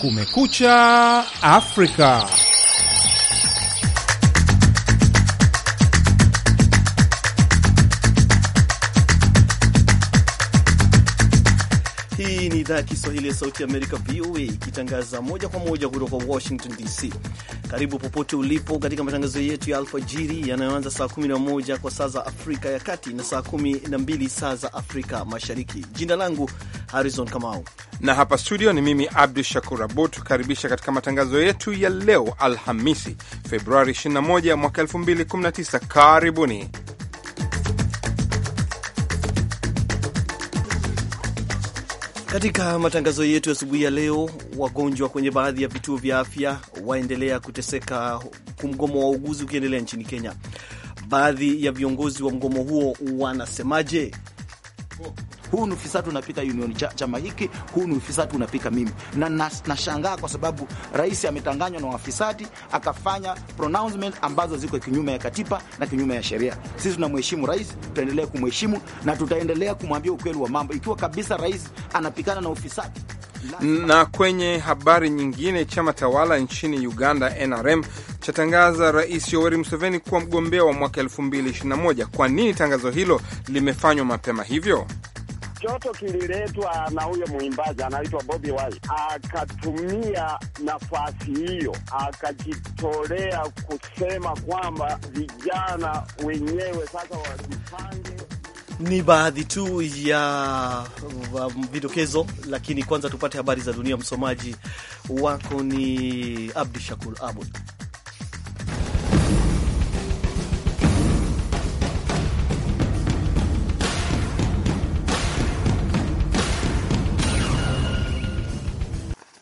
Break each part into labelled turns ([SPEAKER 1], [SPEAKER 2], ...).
[SPEAKER 1] Kumekucha Afrika.
[SPEAKER 2] Hii ni idhaa ya Kiswahili ya Sauti ya Amerika, VOA, ikitangaza moja kwa moja kutoka Washington DC. Karibu popote ulipo katika matangazo yetu ya alfajiri yanayoanza saa 11 kwa saa za Afrika ya Kati na saa
[SPEAKER 1] 12 saa za Afrika Mashariki. Jina langu Harrison Kamau na hapa studio ni mimi Abdu Shakur Abud, tukaribisha katika matangazo yetu ya leo Alhamisi, Februari 21 mwaka 2019. Karibuni katika matangazo yetu asubuhi
[SPEAKER 2] ya leo. Wagonjwa kwenye baadhi ya vituo vya afya waendelea kuteseka, kumgomo wa uguzi ukiendelea nchini Kenya. Baadhi ya viongozi wa mgomo huo wanasemaje?
[SPEAKER 3] huu ni ufisadi unapita union cha, chama hiki, huu ni ufisadi unapika mimi. Na nashangaa na kwa sababu rais ametanganywa na wafisadi akafanya pronouncement ambazo ziko kinyume ya katiba na kinyume ya sheria. Sisi tunamheshimu rais, tutaendelea kumheshimu
[SPEAKER 1] na tutaendelea kumwambia ukweli wa mambo, ikiwa kabisa rais anapikana na ufisadi. Na kwenye habari nyingine, chama tawala nchini Uganda NRM chatangaza Rais Yoweri Museveni kuwa mgombea wa mwaka 2021. Kwa nini tangazo hilo limefanywa mapema hivyo?
[SPEAKER 4] Joto kililetwa na huyo mwimbaji anaitwa Bobby Wine, akatumia nafasi hiyo akajitolea kusema kwamba vijana wenyewe sasa wajipange.
[SPEAKER 2] Ni baadhi tu ya vidokezo, lakini kwanza tupate habari za dunia. Msomaji wako ni Abdi Shakur Abud.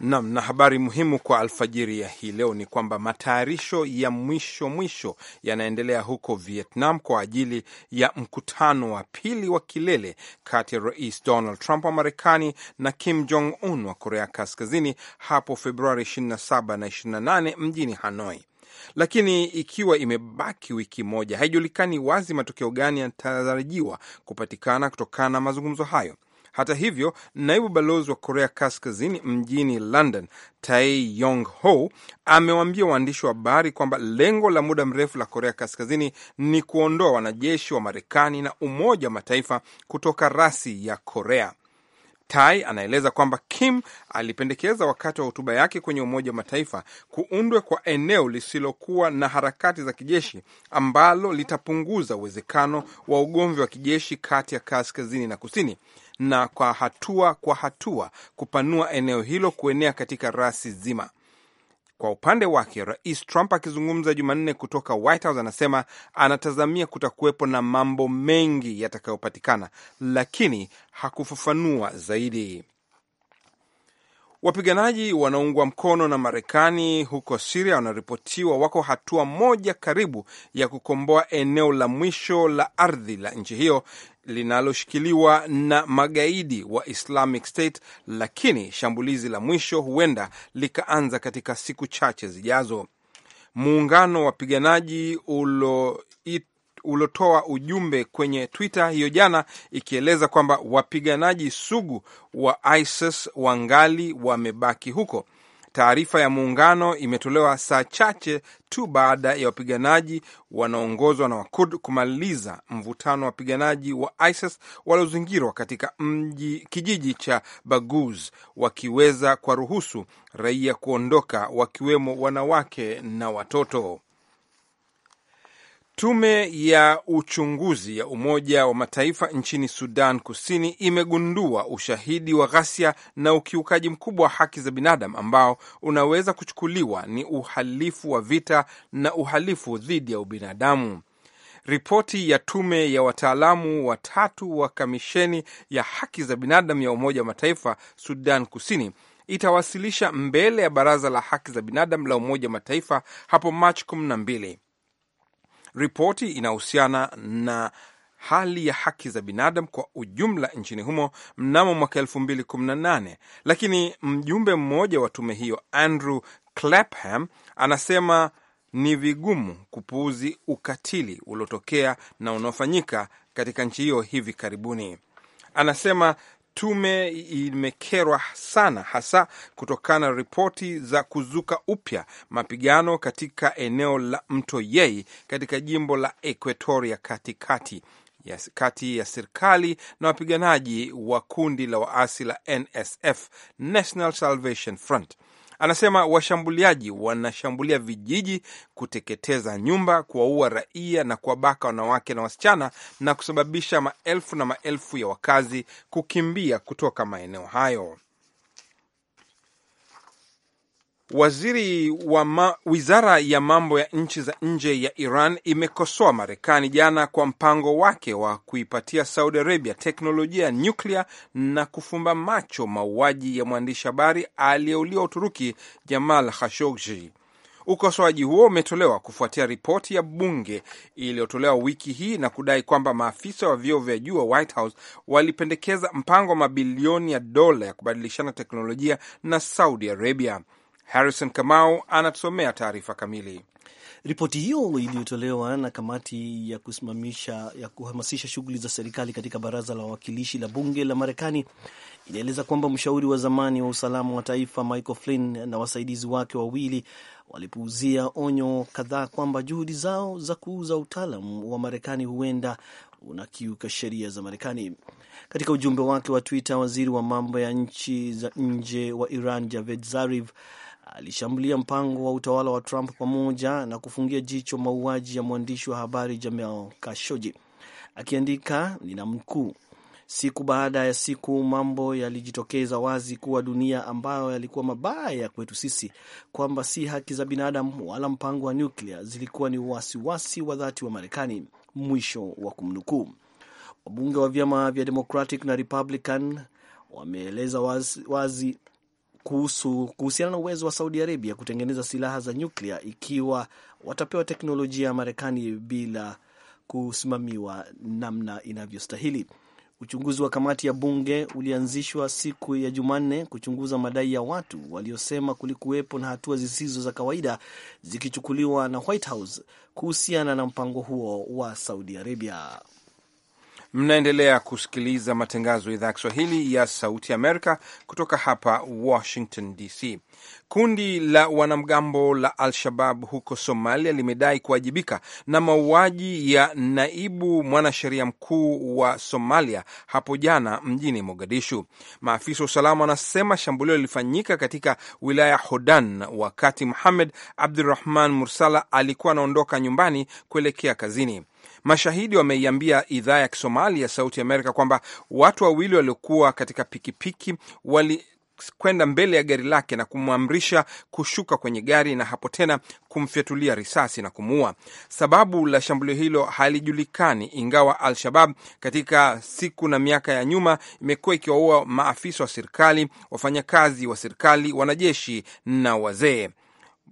[SPEAKER 1] Nam, na habari muhimu kwa alfajiri ya hii leo ni kwamba matayarisho ya mwisho mwisho yanaendelea huko Vietnam kwa ajili ya mkutano wa pili wa kilele kati ya Rais Donald Trump wa Marekani na Kim Jong Un wa Korea Kaskazini hapo Februari 27 na 28 mjini Hanoi. Lakini ikiwa imebaki wiki moja, haijulikani wazi matokeo gani yanatarajiwa kupatikana kutokana na mazungumzo hayo. Hata hivyo, naibu balozi wa Korea Kaskazini mjini London, Tai Yong Ho, amewaambia waandishi wa habari kwamba lengo la muda mrefu la Korea Kaskazini ni kuondoa wanajeshi wa Marekani na Umoja wa Mataifa kutoka rasi ya Korea. Tai anaeleza kwamba Kim alipendekeza wakati wa hotuba yake kwenye Umoja wa Mataifa kuundwe kwa eneo lisilokuwa na harakati za kijeshi ambalo litapunguza uwezekano wa ugomvi wa kijeshi kati ya kaskazini na kusini na kwa hatua kwa hatua kupanua eneo hilo kuenea katika rasi zima. Kwa upande wake, Rais Trump akizungumza Jumanne kutoka White House anasema anatazamia kutakuwepo na mambo mengi yatakayopatikana, lakini hakufafanua zaidi. Wapiganaji wanaungwa mkono na Marekani huko Siria wanaripotiwa wako hatua moja karibu ya kukomboa eneo la mwisho la ardhi la nchi hiyo linaloshikiliwa na magaidi wa Islamic State, lakini shambulizi la mwisho huenda likaanza katika siku chache zijazo. Muungano wa wapiganaji ulo ulotoa ujumbe kwenye Twitter hiyo jana ikieleza kwamba wapiganaji sugu wa ISIS wangali wamebaki huko Taarifa ya muungano imetolewa saa chache tu baada ya wapiganaji wanaoongozwa na Wakurd kumaliza mvutano wa wapiganaji wa ISIS waliozingirwa katika mji kijiji cha Baguz, wakiweza kuwaruhusu raia kuondoka, wakiwemo wanawake na watoto. Tume ya uchunguzi ya Umoja wa Mataifa nchini Sudan Kusini imegundua ushahidi wa ghasia na ukiukaji mkubwa wa haki za binadamu ambao unaweza kuchukuliwa ni uhalifu wa vita na uhalifu dhidi ya ubinadamu. Ripoti ya tume ya wataalamu watatu wa kamisheni ya haki za binadamu ya Umoja wa Mataifa Sudan Kusini itawasilisha mbele ya Baraza la Haki za Binadamu la Umoja wa Mataifa hapo Machi kumi na mbili. Ripoti inahusiana na hali ya haki za binadamu kwa ujumla nchini humo mnamo mwaka 218 lakini mjumbe mmoja wa tume hiyo Andrew Clapham anasema ni vigumu kupuuzi ukatili uliotokea na unaofanyika katika nchi hiyo hivi karibuni. Anasema Tume imekerwa sana hasa kutokana na ripoti za kuzuka upya mapigano katika eneo la mto Yei katika jimbo la equatoria katikati Yes, kati ya serikali na wapiganaji wa kundi la waasi la NSF, National Salvation Front. Anasema washambuliaji wanashambulia vijiji, kuteketeza nyumba, kuwaua raia na kuwabaka wanawake na wasichana na kusababisha maelfu na maelfu ya wakazi kukimbia kutoka maeneo hayo. Waziri wa ma, wizara ya mambo ya nchi za nje ya Iran imekosoa Marekani jana kwa mpango wake wa kuipatia Saudi Arabia teknolojia ya nyuklia na kufumba macho mauaji ya mwandishi habari aliyeuliwa Uturuki Jamal Khashoggi. Ukosoaji huo umetolewa kufuatia ripoti ya bunge iliyotolewa wiki hii na kudai kwamba maafisa wa vyeo vya juu wa White House walipendekeza mpango wa mabilioni ya dola ya kubadilishana teknolojia na Saudi Arabia. Harrison Kamau anatusomea taarifa kamili. Ripoti
[SPEAKER 2] hiyo iliyotolewa na kamati ya kusimamisha ya kuhamasisha shughuli za serikali katika baraza la wawakilishi la bunge la Marekani inaeleza kwamba mshauri wa zamani wa usalama wa taifa Michael Flynn na wasaidizi wake wawili walipuuzia onyo kadhaa kwamba juhudi zao za kuuza utaalam wa Marekani huenda unakiuka sheria za Marekani. Katika ujumbe wake wa Twitter, waziri wa mambo ya nchi za nje wa Iran Javed Zarif alishambulia mpango wa utawala wa Trump pamoja na kufungia jicho mauaji ya mwandishi wa habari Jamal Khashoggi akiandika mkuu, siku baada ya siku mambo yalijitokeza wazi kuwa dunia ambayo yalikuwa mabaya kwetu sisi, kwamba si haki za binadamu wala mpango wa nyuklia zilikuwa ni wasiwasi wa dhati wa Marekani, mwisho wa kumnukuu. Wabunge wa vyama vya Democratic na Republican wameeleza wazi, wazi kuhusu kuhusiana na uwezo wa Saudi Arabia kutengeneza silaha za nyuklia ikiwa watapewa teknolojia ya Marekani bila kusimamiwa namna inavyostahili. Uchunguzi wa kamati ya bunge ulianzishwa siku ya Jumanne kuchunguza madai ya watu waliosema kulikuwepo na hatua zisizo za kawaida zikichukuliwa na White House kuhusiana na mpango huo wa Saudi Arabia.
[SPEAKER 1] Mnaendelea kusikiliza matangazo ya idhaa ya Kiswahili ya Sauti Amerika kutoka hapa Washington DC. Kundi la wanamgambo la Al-Shabab huko Somalia limedai kuwajibika na mauaji ya naibu mwanasheria mkuu wa Somalia hapo jana mjini Mogadishu. Maafisa wa usalama wanasema shambulio lilifanyika katika wilaya Hodan wakati Muhamed Abdurahman Mursala alikuwa anaondoka nyumbani kuelekea kazini. Mashahidi wameiambia idhaa ya Kisomali ya Sauti Amerika kwamba watu wawili waliokuwa katika pikipiki wali kwenda mbele ya gari lake na kumwamrisha kushuka kwenye gari na hapo tena kumfyatulia risasi na kumuua. Sababu la shambulio hilo halijulikani, ingawa Al-Shabab katika siku na miaka ya nyuma imekuwa ikiwaua maafisa wa serikali, wafanyakazi wa serikali, wanajeshi na wazee.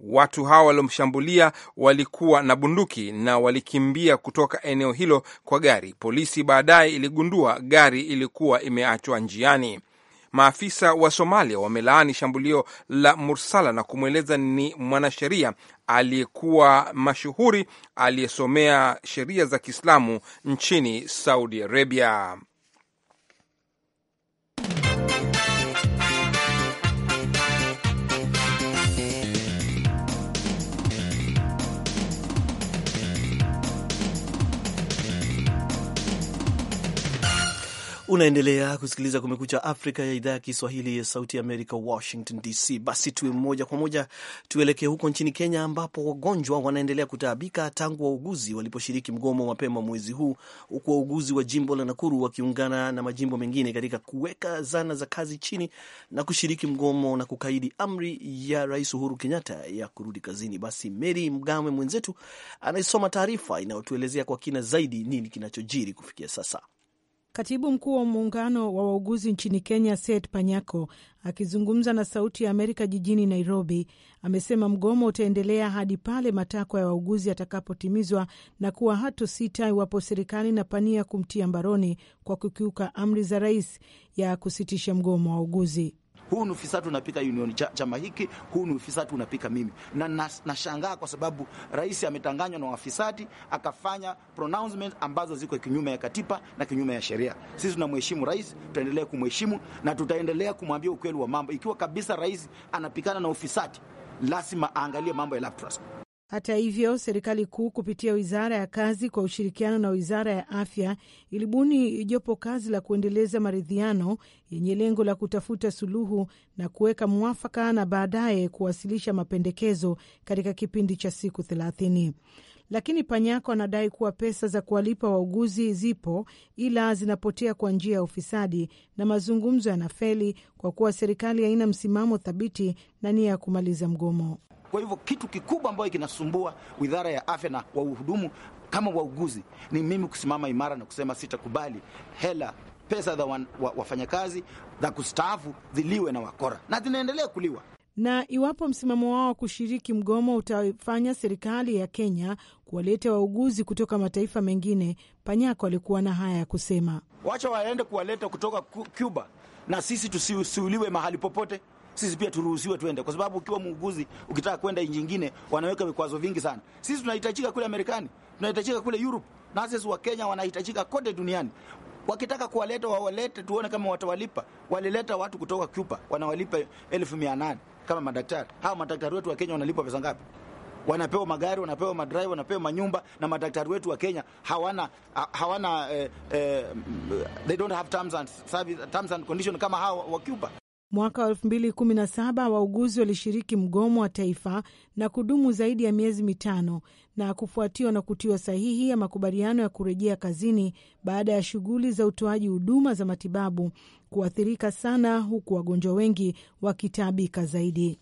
[SPEAKER 1] Watu hawa waliomshambulia walikuwa na bunduki na walikimbia kutoka eneo hilo kwa gari. Polisi baadaye iligundua gari ilikuwa imeachwa njiani. Maafisa wa Somalia wamelaani shambulio la Mursala na kumweleza ni mwanasheria aliyekuwa mashuhuri aliyesomea sheria za Kiislamu nchini Saudi Arabia.
[SPEAKER 2] Unaendelea kusikiliza Kumekucha Afrika ya idhaa ya Kiswahili ya Sauti ya Amerika, Washington DC. Basi tuwe moja kwa moja tuelekee huko nchini Kenya, ambapo wagonjwa wanaendelea kutaabika tangu wauguzi waliposhiriki mgomo mapema mwezi huu, huku wauguzi wa jimbo la Nakuru wakiungana na majimbo mengine katika kuweka zana za kazi chini na kushiriki mgomo na kukaidi amri ya Rais Uhuru Kenyatta ya kurudi kazini. Basi Mary Mgawe mwenzetu anaisoma taarifa inayotuelezea kwa kina zaidi nini kinachojiri kufikia sasa.
[SPEAKER 5] Katibu mkuu wa muungano wa wauguzi nchini Kenya, Seth Panyako, akizungumza na Sauti ya Amerika jijini Nairobi, amesema mgomo utaendelea hadi pale matakwa ya wauguzi yatakapotimizwa na kuwa hato sita iwapo serikali inapania kumtia mbaroni kwa kukiuka amri za rais ya kusitisha mgomo wa wauguzi
[SPEAKER 3] huu ni ufisadi unapika union chama hiki, huu ni ufisadi unapika mimi. Na nashangaa na kwa sababu rais ametanganywa na wafisadi akafanya pronouncement ambazo ziko kinyume ya katiba na kinyume ya sheria. Sisi tunamheshimu rais, tutaendelea kumheshimu na tutaendelea kumwambia ukweli wa mambo. Ikiwa kabisa rais anapikana na ufisadi, lazima aangalie mambo ya laptop.
[SPEAKER 5] Hata hivyo, serikali kuu kupitia wizara ya kazi kwa ushirikiano na wizara ya afya ilibuni jopo kazi la kuendeleza maridhiano yenye lengo la kutafuta suluhu na kuweka mwafaka na baadaye kuwasilisha mapendekezo katika kipindi cha siku thelathini. Lakini Panyako anadai kuwa pesa za kuwalipa wauguzi zipo ila zinapotea kwa njia ya ufisadi na mazungumzo yanafeli kwa kuwa serikali haina msimamo thabiti na nia ya kumaliza mgomo.
[SPEAKER 3] Kwa hivyo kitu kikubwa ambayo kinasumbua Wizara ya Afya na wahudumu kama wauguzi ni mimi kusimama imara na kusema sitakubali hela pesa za wa, wa, wafanyakazi za kustaafu ziliwe na wakora na zinaendelea kuliwa.
[SPEAKER 5] Na iwapo msimamo wao wa kushiriki mgomo utafanya serikali ya Kenya kuwaleta wauguzi kutoka mataifa mengine, Panyako alikuwa na haya ya kusema:
[SPEAKER 3] wacha waende kuwaleta kutoka Cuba na sisi tusiuliwe mahali popote sisi pia turuhusiwe twende, kwa sababu ukiwa muuguzi ukitaka kwenda nchi nyingine wanaweka vikwazo vingi sana. Sisi tunahitajika kule Amerikani, tunahitajika kule Europe, na sisi wa Kenya wanahitajika kote duniani. Wakitaka kuwaleta wawalete, tuone kama watawalipa. Walileta watu kutoka Cuba, wanawalipa elfu mia nane kama madaktari. Hawa madaktari wetu wa Kenya wanalipwa pesa ngapi? Wanapewa magari, wanapewa madrive, wanapewa manyumba, na madaktari wetu wa Kenya hawana hawana, eh, eh, they don't have terms and service, terms and condition kama hawa wa Cuba.
[SPEAKER 5] Mwaka wa 2017 wauguzi walishiriki mgomo wa taifa na kudumu zaidi ya miezi mitano na kufuatiwa na kutiwa sahihi ya makubaliano ya kurejea kazini baada ya shughuli za utoaji huduma za matibabu kuathirika sana, huku wagonjwa wengi wakitaabika zaidi.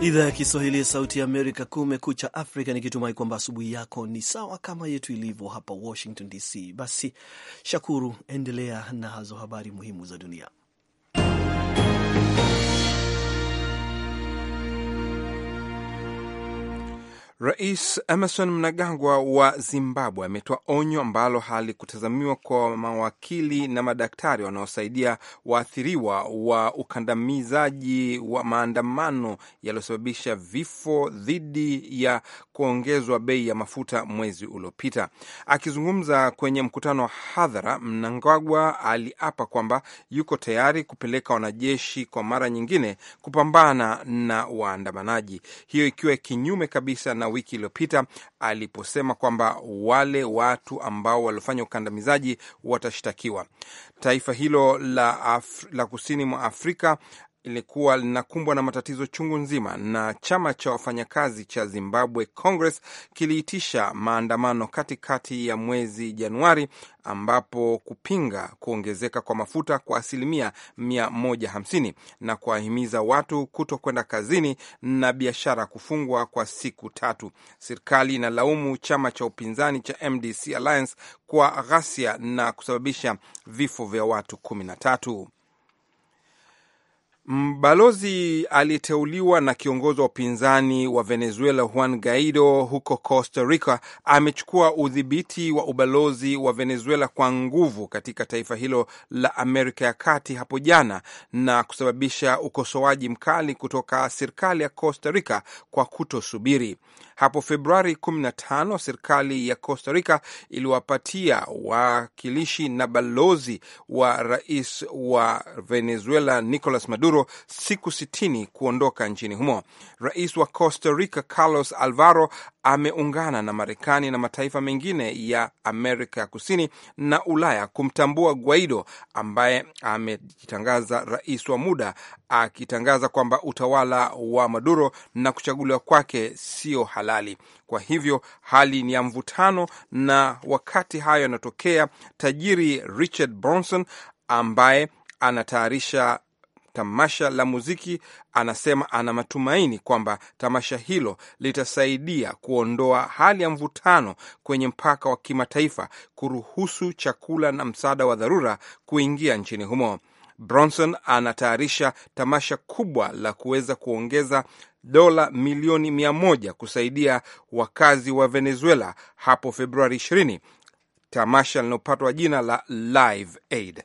[SPEAKER 2] Idhaa ya Kiswahili ya Sauti ya Amerika, Kumekucha Afrika, nikitumai kwamba asubuhi yako ni sawa kama yetu ilivyo hapa Washington DC. Basi Shakuru, endelea nazo habari muhimu za dunia.
[SPEAKER 1] Rais Emerson Mnangagwa wa Zimbabwe ametoa onyo ambalo halikutazamiwa kwa mawakili na madaktari wanaosaidia waathiriwa wa ukandamizaji wa maandamano yaliyosababisha vifo dhidi ya kuongezwa bei ya mafuta mwezi uliopita. Akizungumza kwenye mkutano wa hadhara, Mnangagwa aliapa kwamba yuko tayari kupeleka wanajeshi kwa mara nyingine kupambana na waandamanaji, hiyo ikiwa kinyume kabisa na wiki iliyopita aliposema kwamba wale watu ambao waliofanya ukandamizaji watashtakiwa. Taifa hilo la, Af la kusini mwa Afrika ilikuwa linakumbwa na matatizo chungu nzima, na chama cha wafanyakazi cha Zimbabwe Congress kiliitisha maandamano katikati ya mwezi Januari, ambapo kupinga kuongezeka kwa mafuta kwa asilimia 150 na kuwahimiza watu kuto kwenda kazini na biashara kufungwa kwa siku tatu. Serikali inalaumu chama cha upinzani cha MDC Alliance kwa ghasia na kusababisha vifo vya watu tatu Mbalozi aliyeteuliwa na kiongozi wa upinzani wa Venezuela Juan Guaido huko Costa Rica amechukua udhibiti wa ubalozi wa Venezuela kwa nguvu katika taifa hilo la Amerika ya Kati hapo jana na kusababisha ukosoaji mkali kutoka serikali ya Costa Rica kwa kutosubiri. Hapo Februari 15 serikali ya Costa Rica iliwapatia wakilishi na balozi wa rais wa Venezuela Nicolas Maduro Maduro siku sitini kuondoka nchini humo. Rais wa Costa Rica Carlos Alvaro ameungana na Marekani na mataifa mengine ya Amerika ya Kusini na Ulaya kumtambua Guaido ambaye amejitangaza rais wa muda, akitangaza kwamba utawala wa Maduro na kuchaguliwa kwake sio halali. Kwa hivyo hali ni ya mvutano, na wakati hayo yanatokea, tajiri Richard Branson ambaye anatayarisha tamasha la muziki, anasema ana matumaini kwamba tamasha hilo litasaidia kuondoa hali ya mvutano kwenye mpaka wa kimataifa, kuruhusu chakula na msaada wa dharura kuingia nchini humo. Bronson anatayarisha tamasha kubwa la kuweza kuongeza dola milioni mia moja kusaidia wakazi wa Venezuela hapo Februari 20, tamasha linalopatwa jina la Live Aid.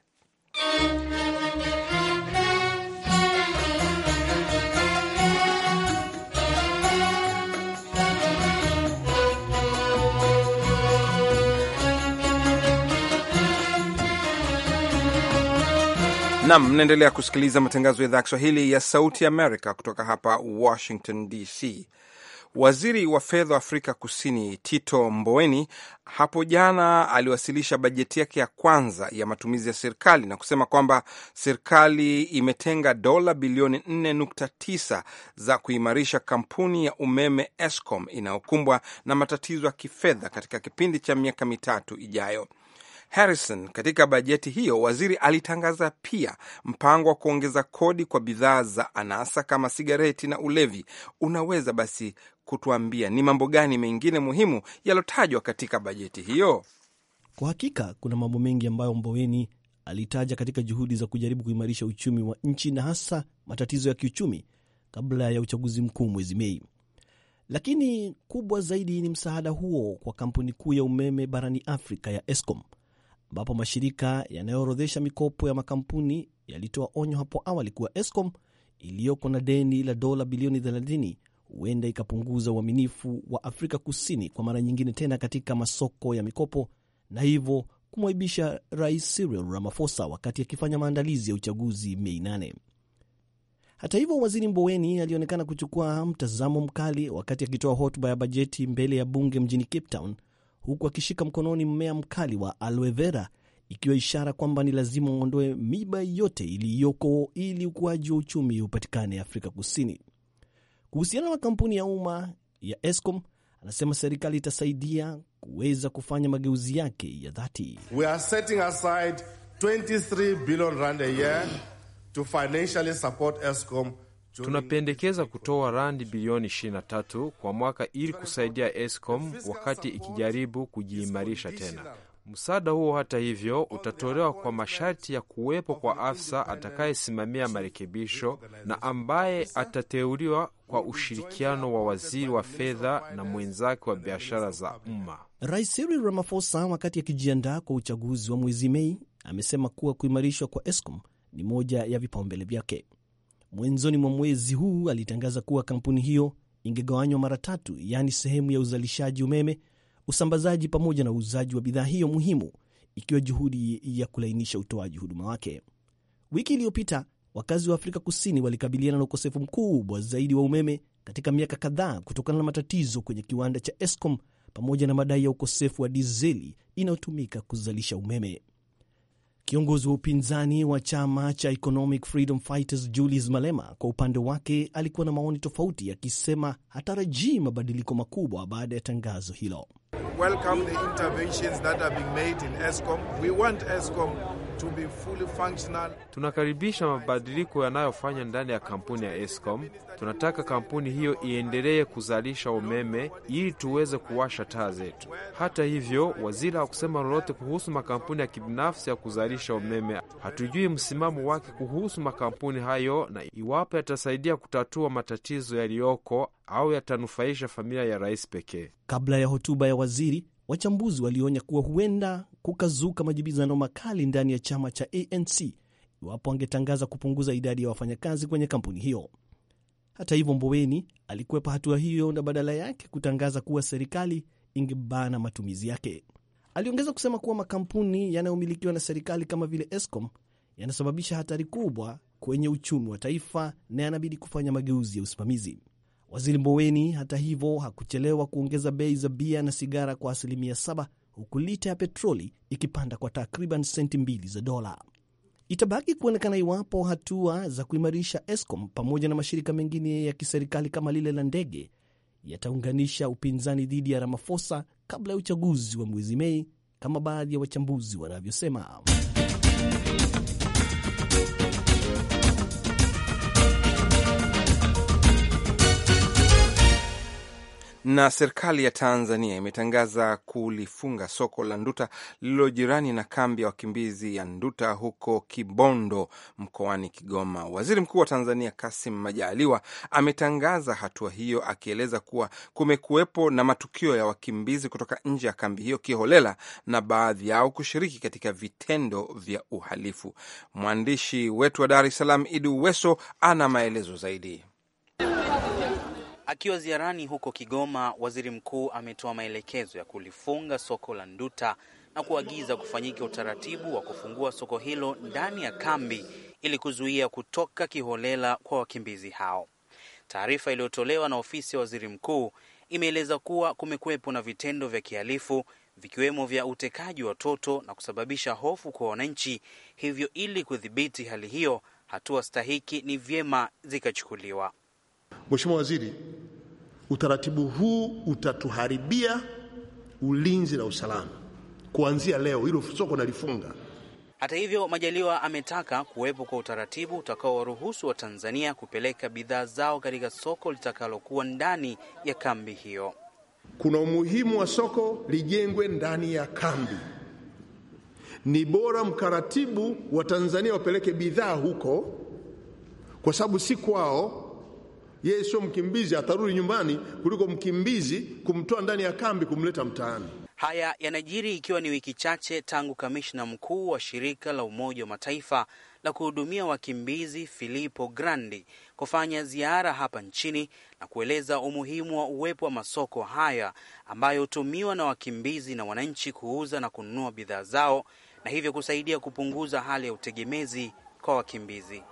[SPEAKER 1] Nam, mnaendelea kusikiliza matangazo ya idhaa ya Kiswahili ya Sauti Amerika kutoka hapa Washington DC. Waziri wa fedha wa Afrika Kusini Tito Mboweni hapo jana aliwasilisha bajeti yake ya kwanza ya matumizi ya serikali na kusema kwamba serikali imetenga dola bilioni 4.9 za kuimarisha kampuni ya umeme Eskom inayokumbwa na matatizo ya kifedha katika kipindi cha miaka mitatu ijayo. Harrison. Katika bajeti hiyo waziri alitangaza pia mpango wa kuongeza kodi kwa bidhaa za anasa kama sigareti na ulevi. Unaweza basi kutuambia ni mambo gani mengine muhimu yaliyotajwa katika bajeti hiyo?
[SPEAKER 2] Kwa hakika kuna mambo mengi ambayo Mboweni alitaja katika juhudi za kujaribu kuimarisha uchumi wa nchi na hasa matatizo ya kiuchumi kabla ya uchaguzi mkuu mwezi Mei. Lakini kubwa zaidi ni msaada huo kwa kampuni kuu ya umeme barani Afrika ya Eskom ambapo mashirika yanayoorodhesha mikopo ya makampuni yalitoa onyo hapo awali kuwa Eskom iliyoko na deni la dola bilioni 30 huenda ikapunguza uaminifu wa Afrika Kusini kwa mara nyingine tena katika masoko ya mikopo na hivyo kumwaibisha Rais Cyril Ramaphosa wakati akifanya maandalizi ya uchaguzi Mei 8. Hata hivyo, Waziri Mboweni alionekana kuchukua mtazamo mkali wakati akitoa hotuba ya bajeti mbele ya bunge mjini Cape Town huku akishika mkononi mmea mkali wa aloe vera ikiwa ishara kwamba ni lazima uondoe miba yote iliyoko ili ukuaji wa uchumi upatikane Afrika Kusini. Kuhusiana na kampuni ya umma ya Eskom, anasema serikali itasaidia kuweza kufanya mageuzi yake ya dhati.
[SPEAKER 1] We are setting aside 23 billion rand a year to financially support Eskom Tunapendekeza kutoa randi bilioni 23 kwa mwaka ili kusaidia escom wakati ikijaribu kujiimarisha tena. Msaada huo hata hivyo utatolewa kwa masharti ya kuwepo kwa afisa atakayesimamia marekebisho na ambaye atateuliwa kwa ushirikiano wa waziri wa fedha na mwenzake wa biashara za
[SPEAKER 6] umma.
[SPEAKER 2] Rais Cyril Ramaphosa, wakati akijiandaa kwa uchaguzi wa mwezi Mei, amesema kuwa kuimarishwa kwa Eskom ni moja ya vipaumbele vyake. Mwanzoni mwa mwezi huu alitangaza kuwa kampuni hiyo ingegawanywa mara tatu, yaani sehemu ya uzalishaji umeme, usambazaji pamoja na uuzaji wa bidhaa hiyo muhimu, ikiwa juhudi ya kulainisha utoaji huduma wake. Wiki iliyopita wakazi wa Afrika Kusini walikabiliana na ukosefu mkubwa zaidi wa umeme katika miaka kadhaa kutokana na matatizo kwenye kiwanda cha Eskom pamoja na madai ya ukosefu wa dizeli inayotumika kuzalisha umeme. Kiongozi wa upinzani wa chama cha Economic Freedom Fighters Julius Malema kwa upande wake alikuwa na maoni tofauti, akisema hatarajii mabadiliko makubwa baada ya tangazo hilo.
[SPEAKER 1] Welcome the interventions that made in We want to be fully functional. Tunakaribisha mabadiliko yanayofanya ndani ya kampuni ya Eskom. Tunataka kampuni hiyo iendelee kuzalisha umeme ili tuweze kuwasha taa zetu. Hata hivyo, waziri hakusema lolote kuhusu makampuni ya kibinafsi ya kuzalisha umeme. Hatujui msimamo wake kuhusu makampuni hayo na iwapo yatasaidia kutatua matatizo yaliyoko au yatanufaisha familia ya rais pekee.
[SPEAKER 2] Kabla ya hotuba ya waziri, wachambuzi walionya kuwa huenda kukazuka majibizano makali ndani ya chama cha ANC iwapo angetangaza kupunguza idadi ya wafanyakazi kwenye kampuni hiyo. Hata hivyo, Mboweni alikwepa hatua hiyo na badala yake kutangaza kuwa serikali ingebana matumizi yake. Aliongeza kusema kuwa makampuni yanayomilikiwa na serikali kama vile Eskom yanasababisha hatari kubwa kwenye uchumi wa taifa na yanabidi kufanya mageuzi ya usimamizi. Waziri Mboweni hata hivyo hakuchelewa kuongeza bei za bia na sigara kwa asilimia saba huku lita ya petroli ikipanda kwa takriban senti mbili za dola. Itabaki kuonekana iwapo hatua za kuimarisha Eskom pamoja na mashirika mengine ya kiserikali kama lile la ndege yataunganisha upinzani dhidi ya ramafosa kabla ya uchaguzi wa mwezi Mei kama baadhi ya wachambuzi wanavyosema.
[SPEAKER 1] Na serikali ya Tanzania imetangaza kulifunga soko la Nduta lililo jirani na kambi ya wakimbizi ya Nduta huko Kibondo mkoani Kigoma. Waziri Mkuu wa Tanzania Kassim Majaliwa ametangaza hatua hiyo, akieleza kuwa kumekuwepo na matukio ya wakimbizi kutoka nje ya kambi hiyo kiholela na baadhi yao kushiriki katika vitendo vya uhalifu. Mwandishi wetu wa Dar es Salaam Idi Uweso ana maelezo zaidi.
[SPEAKER 6] Akiwa ziarani huko Kigoma, waziri mkuu ametoa maelekezo ya kulifunga soko la Nduta na kuagiza kufanyika utaratibu wa kufungua soko hilo ndani ya kambi ili kuzuia kutoka kiholela kwa wakimbizi hao. Taarifa iliyotolewa na ofisi ya waziri mkuu imeeleza kuwa kumekuwepo na vitendo vya kihalifu vikiwemo vya utekaji watoto na kusababisha hofu kwa wananchi. Hivyo, ili kudhibiti hali hiyo, hatua stahiki ni vyema zikachukuliwa.
[SPEAKER 2] Mheshimiwa Waziri, utaratibu huu utatuharibia ulinzi na usalama kuanzia leo, hilo soko nalifunga.
[SPEAKER 6] Hata hivyo, Majaliwa ametaka kuwepo kwa utaratibu utakaowaruhusu wa Tanzania kupeleka bidhaa zao katika soko litakalokuwa ndani ya kambi hiyo.
[SPEAKER 1] Kuna umuhimu wa soko lijengwe ndani ya kambi. Ni bora mkaratibu wa Tanzania wapeleke bidhaa huko, kwa sababu si kwao yeye sio mkimbizi, atarudi nyumbani kuliko mkimbizi kumtoa ndani ya kambi kumleta
[SPEAKER 3] mtaani.
[SPEAKER 6] Haya yanajiri ikiwa ni wiki chache tangu kamishna mkuu wa shirika la Umoja wa Mataifa la kuhudumia wakimbizi Filippo Grandi kufanya ziara hapa nchini na kueleza umuhimu wa uwepo wa masoko haya ambayo hutumiwa na wakimbizi na wananchi kuuza na kununua bidhaa zao na hivyo kusaidia kupunguza hali ya utegemezi kwa wakimbizi.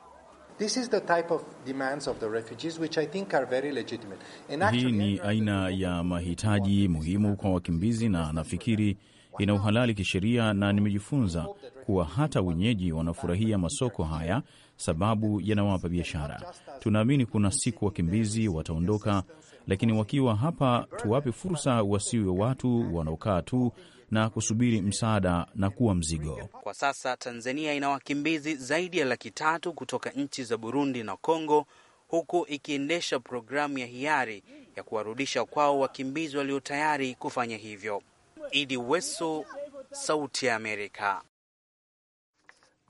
[SPEAKER 1] Hii
[SPEAKER 7] ni aina ya mahitaji muhimu kwa wakimbizi, na nafikiri ina uhalali kisheria, na nimejifunza kuwa hata wenyeji wanafurahia masoko haya sababu yanawapa biashara. Tunaamini kuna siku wakimbizi wataondoka, lakini wakiwa hapa tuwape fursa, wasiwe watu wanaokaa tu na kusubiri msaada na kuwa mzigo.
[SPEAKER 6] Kwa sasa Tanzania ina wakimbizi zaidi ya laki tatu kutoka nchi za Burundi na Kongo, huku ikiendesha programu ya hiari ya kuwarudisha kwao wakimbizi walio tayari kufanya hivyo. Idi Weso, Sauti ya Amerika.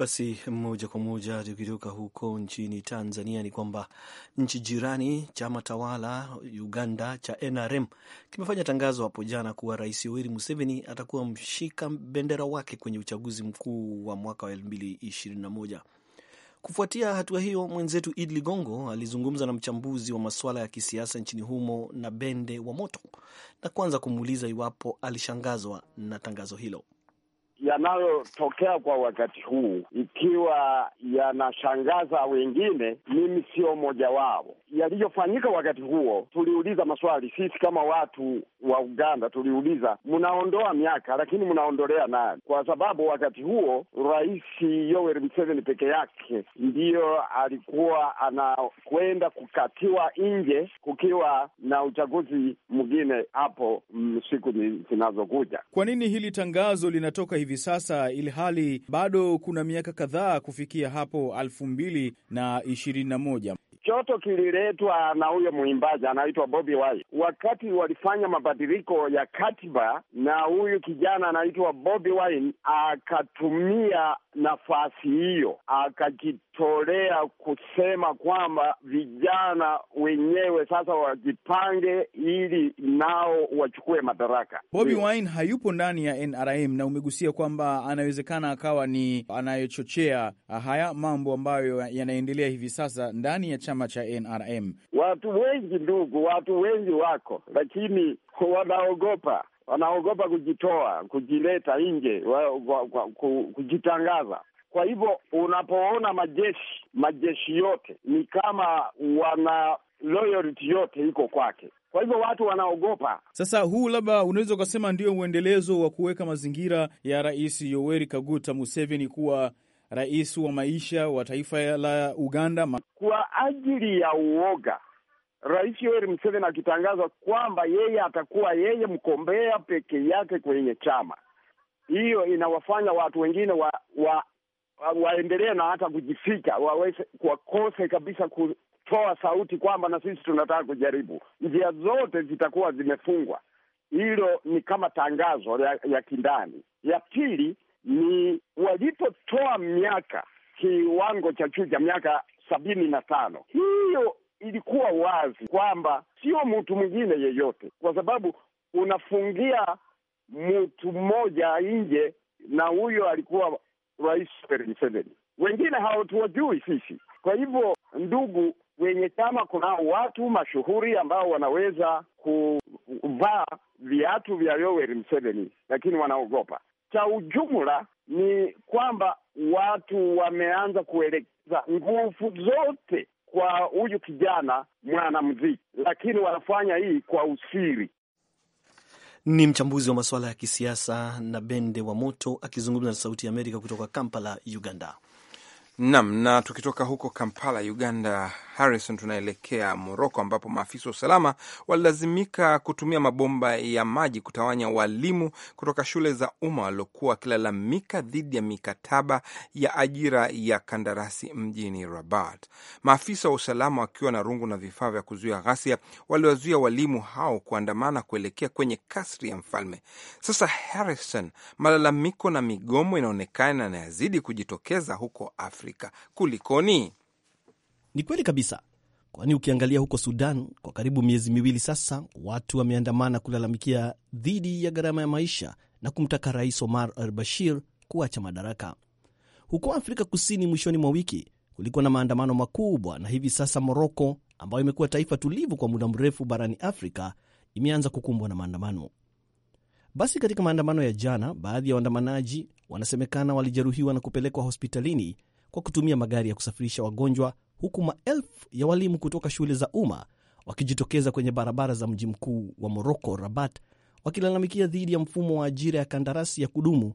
[SPEAKER 2] Basi moja kwa moja tukitoka huko nchini Tanzania ni kwamba nchi jirani, chama tawala Uganda cha NRM kimefanya tangazo hapo jana kuwa Rais Yoweri Museveni atakuwa mshika bendera wake kwenye uchaguzi mkuu wa mwaka wa moja. Kufuatia hatua hiyo, mwenzetu Id Ligongo alizungumza na mchambuzi wa masuala ya kisiasa nchini humo na Bende wa Moto, na kwanza kumuuliza iwapo alishangazwa na tangazo hilo
[SPEAKER 4] yanayotokea kwa wakati huu, ikiwa yanashangaza wengine, mimi sio mmoja wao. Yaliyofanyika wakati huo, tuliuliza maswali sisi kama watu wa Uganda, tuliuliza mnaondoa miaka, lakini mnaondolea nani? Kwa sababu wakati huo Rais Yoweri Museveni peke yake ndiyo alikuwa anakwenda kukatiwa nje, kukiwa na uchaguzi mwingine hapo mm, siku zinazokuja.
[SPEAKER 7] Kwa nini hili tangazo linatoka hivi hivi sasa, ili hali bado kuna miaka kadhaa kufikia hapo elfu mbili na ishirini na moja.
[SPEAKER 4] Choto kililetwa na huyo mwimbaji anaitwa Bobby Wine wakati walifanya mabadiliko ya katiba, na huyu kijana anaitwa Bobby Wine akatumia nafasi hiyo akajitolea kusema kwamba vijana wenyewe sasa wajipange ili nao wachukue madaraka. Bobi
[SPEAKER 7] Wine hayupo ndani ya NRM na umegusia kwamba anawezekana akawa ni anayochochea haya mambo ambayo yanaendelea hivi sasa ndani ya chama cha NRM.
[SPEAKER 4] Watu wengi ndugu, watu wengi wako, lakini wanaogopa wanaogopa kujitoa, kujileta nje, kujitangaza. Kwa hivyo unapoona majeshi majeshi yote ni kama wana loyalty yote iko kwake, kwa hivyo watu wanaogopa.
[SPEAKER 7] Sasa huu labda unaweza ukasema ndio mwendelezo wa kuweka mazingira ya Rais Yoweri Kaguta Museveni kuwa rais wa maisha wa taifa la Uganda
[SPEAKER 4] kwa ajili ya uoga Rais Yoweri Museveni akitangaza kwamba yeye atakuwa yeye mkombea peke yake kwenye chama. Hiyo inawafanya watu wengine wa, wa, wa waendelee na hata kujifika waweze wakose kabisa kutoa sauti kwamba na sisi tunataka kujaribu. Njia zote zitakuwa zimefungwa. Hilo ni kama tangazo ya, ya kindani. Ya pili ni walipotoa miaka kiwango cha juu cha miaka sabini na tano hiyo ilikuwa wazi kwamba sio mtu mwingine yeyote, kwa sababu unafungia mtu mmoja nje, na huyo alikuwa rais Museveni. Wengine hawatuwajui sisi. Kwa hivyo, ndugu wenye chama, kunao watu mashuhuri ambao wanaweza kuvaa viatu vya Yoweri Museveni, lakini wanaogopa. Cha ujumla ni kwamba watu wameanza kuelekeza nguvu zote kwa huyu kijana mwanamuziki, lakini wanafanya hii kwa usiri.
[SPEAKER 2] Ni mchambuzi wa masuala ya kisiasa na Bende wa Moto akizungumza na Sauti ya Amerika kutoka Kampala, Uganda.
[SPEAKER 1] Nam, na tukitoka huko Kampala, Uganda, Harrison, tunaelekea Moroko ambapo maafisa wa usalama walilazimika kutumia mabomba ya maji kutawanya walimu kutoka shule za umma waliokuwa wakilalamika dhidi ya mikataba ya ajira ya kandarasi mjini Rabat. Maafisa wa usalama wakiwa na rungu na vifaa vya kuzuia ghasia waliwazuia walimu hao kuandamana kuelekea kwenye kasri ya mfalme. Sasa Harrison, malalamiko na migomo inaonekana na yazidi kujitokeza huko Afrika. Afrika. Kulikoni? Ni kweli kabisa,
[SPEAKER 2] kwani ukiangalia huko Sudan, kwa karibu miezi miwili sasa watu wameandamana kulalamikia dhidi ya gharama ya maisha na kumtaka Rais Omar al Bashir kuacha madaraka. Huko Afrika Kusini, mwishoni mwa wiki kulikuwa na maandamano makubwa, na hivi sasa Moroko ambayo imekuwa taifa tulivu kwa muda mrefu barani Afrika imeanza kukumbwa na maandamano. Basi katika maandamano ya jana, baadhi ya waandamanaji wanasemekana walijeruhiwa na kupelekwa hospitalini kwa kutumia magari ya kusafirisha wagonjwa, huku maelfu ya walimu kutoka shule za umma wakijitokeza kwenye barabara za mji mkuu wa Moroko, Rabat, wakilalamikia dhidi ya mfumo wa ajira ya kandarasi ya kudumu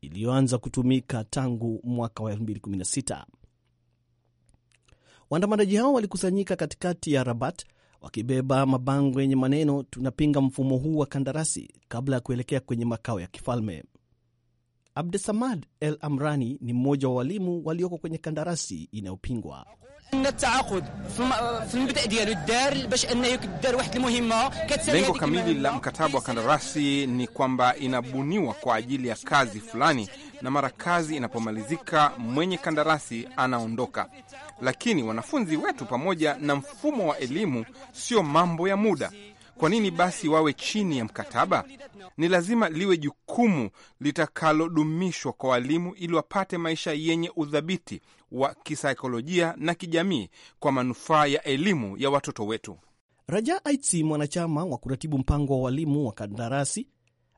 [SPEAKER 2] iliyoanza kutumika tangu mwaka wa 2016. Waandamanaji hao walikusanyika katikati ya Rabat wakibeba mabango yenye maneno tunapinga mfumo huu wa kandarasi, kabla ya kuelekea kwenye makao ya kifalme. Abdusamad El Amrani ni mmoja wa walimu walioko kwenye
[SPEAKER 1] kandarasi inayopingwa.
[SPEAKER 5] Lengo kamili la
[SPEAKER 1] mkataba wa kandarasi ni kwamba inabuniwa kwa ajili ya kazi fulani, na mara kazi inapomalizika mwenye kandarasi anaondoka. Lakini wanafunzi wetu pamoja na mfumo wa elimu sio mambo ya muda kwa nini basi wawe chini ya mkataba? Ni lazima liwe jukumu litakalodumishwa kwa walimu ili wapate maisha yenye udhabiti wa kisaikolojia na kijamii kwa manufaa ya elimu ya watoto wetu.
[SPEAKER 2] Raja Aitsi, mwanachama wa kuratibu mpango wa walimu wa kandarasi,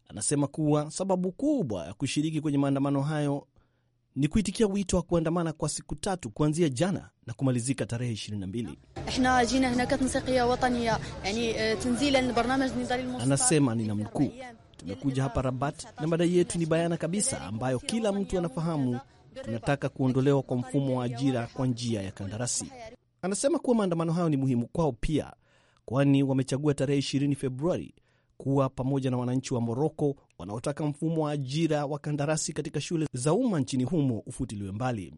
[SPEAKER 2] anasema kuwa sababu kubwa ya kushiriki kwenye maandamano hayo ni kuitikia wito wa kuandamana kwa siku tatu kuanzia jana na kumalizika tarehe 22.
[SPEAKER 6] Eh,
[SPEAKER 2] Anasema nina namnukuu tumekuja hapa Rabat na madai yetu ni bayana kabisa, ambayo kila mtu anafahamu. Tunataka kuondolewa kwa mfumo wa ajira kwa njia ya kandarasi. Anasema kuwa maandamano hayo ni muhimu kwao pia, kwani wamechagua tarehe 20 Februari kuwa pamoja na wananchi wa Moroko wanaotaka mfumo wa ajira wa kandarasi katika shule za umma nchini humo ufutiliwe mbali.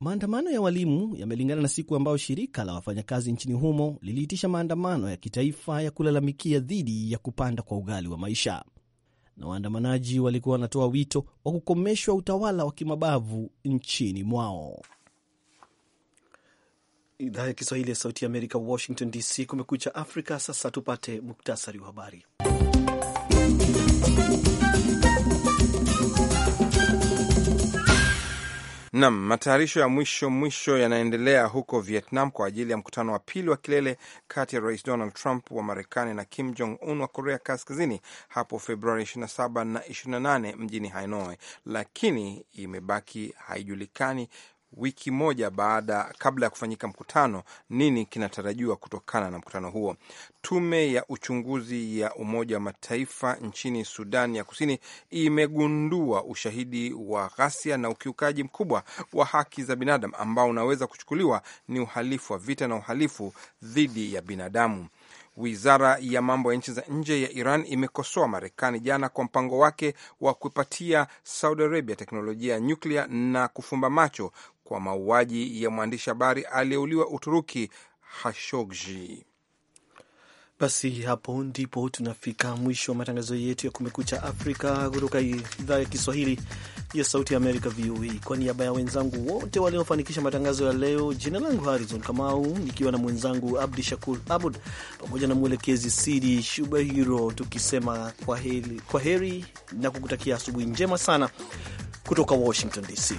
[SPEAKER 2] Maandamano ya walimu yamelingana na siku ambayo shirika la wafanyakazi nchini humo liliitisha maandamano ya kitaifa ya kulalamikia dhidi ya kupanda kwa ughali wa maisha, na waandamanaji walikuwa wanatoa wito wa kukomeshwa utawala wa kimabavu nchini mwao idhaa ya Kiswahili ya Sauti ya Amerika, Washington DC. Kumekucha Afrika. Sasa tupate muktasari wa habari.
[SPEAKER 1] Nam, matayarisho ya mwisho mwisho yanaendelea huko Vietnam kwa ajili ya mkutano wa pili wa kilele kati ya Rais Donald Trump wa Marekani na Kim Jong Un wa Korea Kaskazini hapo Februari 27 na 28 mjini Hanoi, lakini imebaki haijulikani wiki moja baada kabla ya kufanyika mkutano. Nini kinatarajiwa kutokana na mkutano huo? Tume ya uchunguzi ya Umoja wa Mataifa nchini Sudan ya Kusini imegundua ushahidi wa ghasia na ukiukaji mkubwa wa haki za binadamu ambao unaweza kuchukuliwa ni uhalifu wa vita na uhalifu dhidi ya binadamu. Wizara ya mambo ya nchi za nje ya Iran imekosoa Marekani jana kwa mpango wake wa kuipatia Saudi Arabia teknolojia ya nyuklia na kufumba macho kwa mauaji ya mwandishi habari aliyeuliwa Uturuki, Hashogji.
[SPEAKER 2] Basi hapo ndipo tunafika mwisho wa matangazo yetu ya Kumekucha Afrika kutoka idhaa ya Kiswahili ya Sauti ya Amerika, VOA. Kwa niaba ya wenzangu wote waliofanikisha matangazo ya leo, jina langu harizon Kamau, nikiwa na mwenzangu Abdi Shakur Abud pamoja na mwelekezi Sidi Shubahiro, tukisema kwa heri, kwa heri na kukutakia asubuhi njema sana kutoka Washington DC.